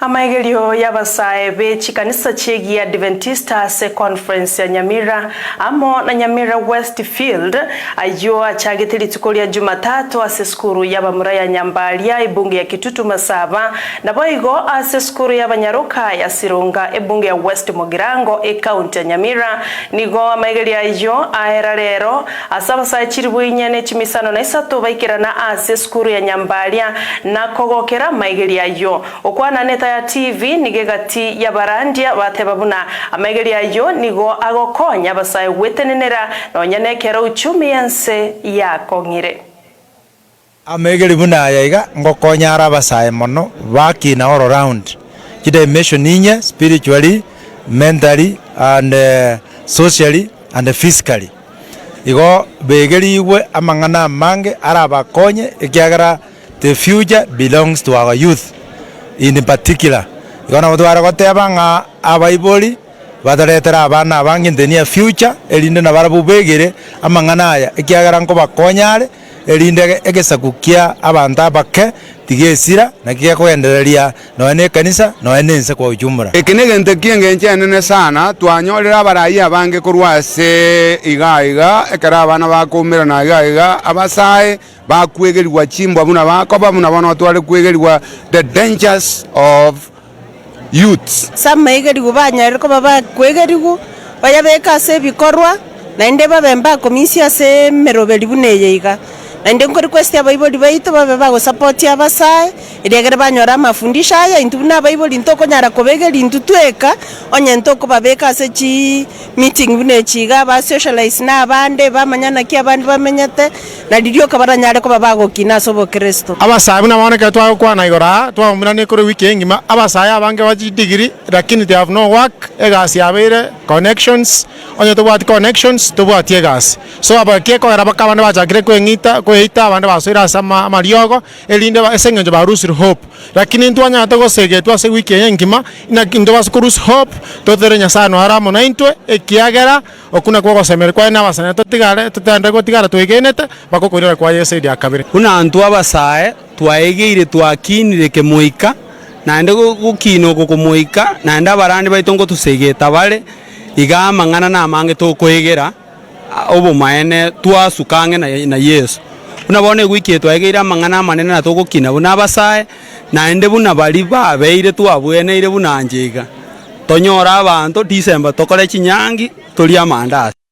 amaegelio y'abasae b'echikanisa chegi ya adventista se conference ya nyamira amo na nyamira westfield ayo achagete lituko lya jumatatu ase skuru y'abamura ya nyambalia ebunge ya kitutu masaba nabo igo ase skuru y'abanyaroka ya sirunga ebunge ya west mogirango ekaunti ya nyamira nigo amaegelio ayo aera rero ase abasae chiribu inyene chimisano na isatu baikirana ase skuru ya nyambalia nakogokera amaegelio ayo okwananeta enta ya tv nigegati ya barandia bateba buna amaigeri ayo nigo agokonya basae gwetenenera nonya ekero uchumi yanse yakong'ire amaigeri buna yaiga ngokonya ara basaye mono bakina all around kidimension inye spiritually mentally and uh, socially and physically igo begeriwe amang'ana amange arabakonye ekiagera the future belongs to our youth in particular ikona gutwara goteba ng'a abaibori bataretera abana abange ntenia future erinde na barabubegere amang'ana aya ekiagera nkobakonya are erinde egesagukia abanto abake tiga esira na gekwendereria nonye na ekanisa nonye na ense kwa ujumla eki na egento kienge enene sana twanyorire abarai abange korwa ase iga iga ekero abana bakomerana iga iga abasae bakwegeriwa chimbwa buna bakoba buna bono tware kwegeriwa the dangers of youth samaigeriwa banyarire koba bakwegeriwa baya beka ase ebikorwa naende babe mbakomisia ase emeroberi buna eye iga na ndi nkorequesti abaibori baito babe bagosapotia abasae eriagere banyora amafundisho aya intu buna abaibori ntokonyara kobegeri intu tweka onye ntokobabeka ase chi meeting buna echiga basocialize na abande bamanyana ki abande bamenyete na ririoka baranyare koba bagokina ase obokeresto abasae buna baonekere twagokwana igora twaomunani kore wiki engima abasae abange bachi degree lakini they have no work egasi yabeire connections onye tobwati connections tobwati egasi so abakekogera bakabande bachakire kweng'ita kwe eita abande basoire ase amariogo erinde ase eng'encho barusire hope lakini ntwanyagete gosegea twase wiki eye engima into base koruse hope totere nyasaye noare amo na ekiagera oku nakuo gosemere kwaye na abasane totigare totende gotigara twigenete bakokoirera kwaye ase eria kabere buna ntw abasae twaegeire twakinire kemoika naende gokina oko komoika naende abarande baito ngotusegeta bare iga amang'ana na amange tokoegera obomaene twasukang'e na yesu buna bono gwiki twegeire amang'ana amanene na togokina buna abasae naende buna bari babeire twabweneire buna njiga tonyora abanto disemba tokore chinyangi turi amandasi